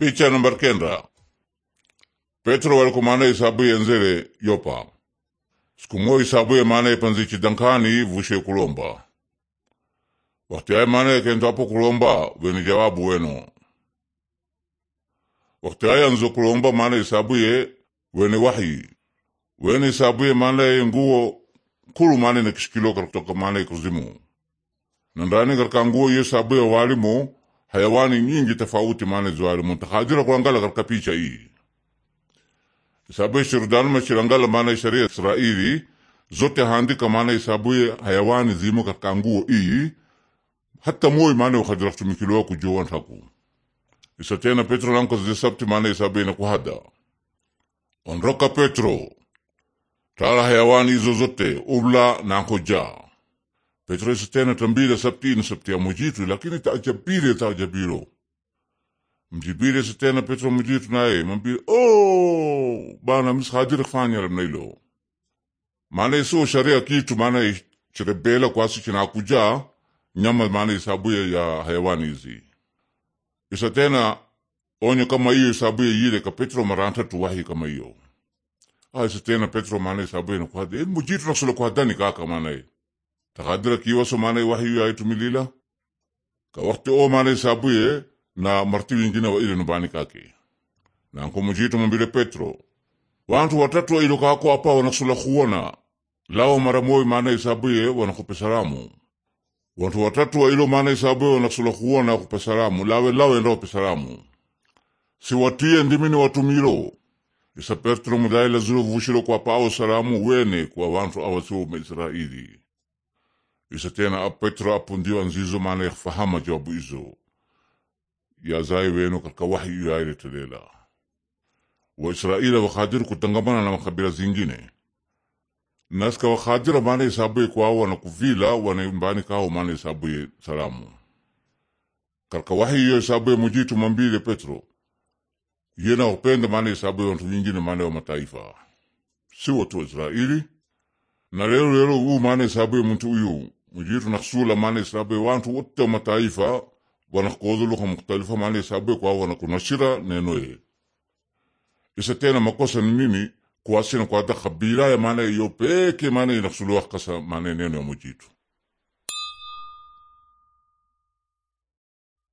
Picha nambar kenda Petro walikumana isabuye nzere yopa siku isabu isabuye manaye panzichi dankani vushe kulomba wakati aye manaye kentwapo kulomba weni jawabu weno wakati aye anzo kulomba isabu ye weni wahi weni mana manaye nguo kulu mana na kishikilo kutoka mana ikuzimu nandani ndani katika ye iyo isabuye walimu hayawani nyingi tofauti maana ziwari muntu hazira kuangala katika picha hii isabu shirudano mashirangala maana sharia Israeli zote handika maana isabuye hayawani zimo katika nguo hii hata moyo maana ukadira kutumikiliwa kujoa ntaku isa tena Petro lanko zisabti maana isabuye na kuhada onroka Petro tara hayawani izo zote ubla na Petro Petrus tena tambila sabtina sabtia mujitu lakini ta ta ajabire ajabiro. Mjibire Mjibile tena Petro mujitu nae mambile oh bana mishadira fanya ramnailo. Maana iso sharia kitu maana chirebela kwa si kina chinakuja nyama maana isabuya ya hayawani hizi. Isa tena onyo kama hiyo isabuya yile ka Petro maranta tuwahi kama hiyo. Ah isa tena Petro maana isabuya nakuhadi. E mujitu na nakusula kuhadani kaka maana hiyo takadira kiwaso manai wahiyu aitumilila ka wakti o manai sabuye na marti wingine wa ile nubani kake na mujitu mumbile Petro wantu watatu wa ilo kako apa wanasula kuona lao mara moyo manai sabuye wanakupe salamu wantu watatu wa ilo sabuye wanasula kuona kupe salamu lawe lawe ndao pe salamu si watie ndimini watumilo isa Petro mudaila zilo vushilo kwa pao salamu wene kwa wantu awasiwo me Israeli isatena a Petro apundio anzizo maana kufahama jawabu izo yazai weno katika wahyi yairetelela waisraila wakadiri kutangamana na makabila zingine naska wakadira maana isabuye na wanakuvila wanaimbani kao maana isabuye salamu katika wahyi yo isabuye mujitu mambile Petro yena upenda maana isabuye wantu wingine maana wa mataifa si watu wa Israeli na lelo lelo uu maana isabuye muntu uyu mujitu nakusula maana isabe wantu wote mataifa wanakodhu lugha mukhtalifa maana isabe kwa wanakunashira nenoye isa tena makosa ni nini kuasina kwata kabila ya maana iyo peke maana inakusuluwa kasa maana neno ya mujitu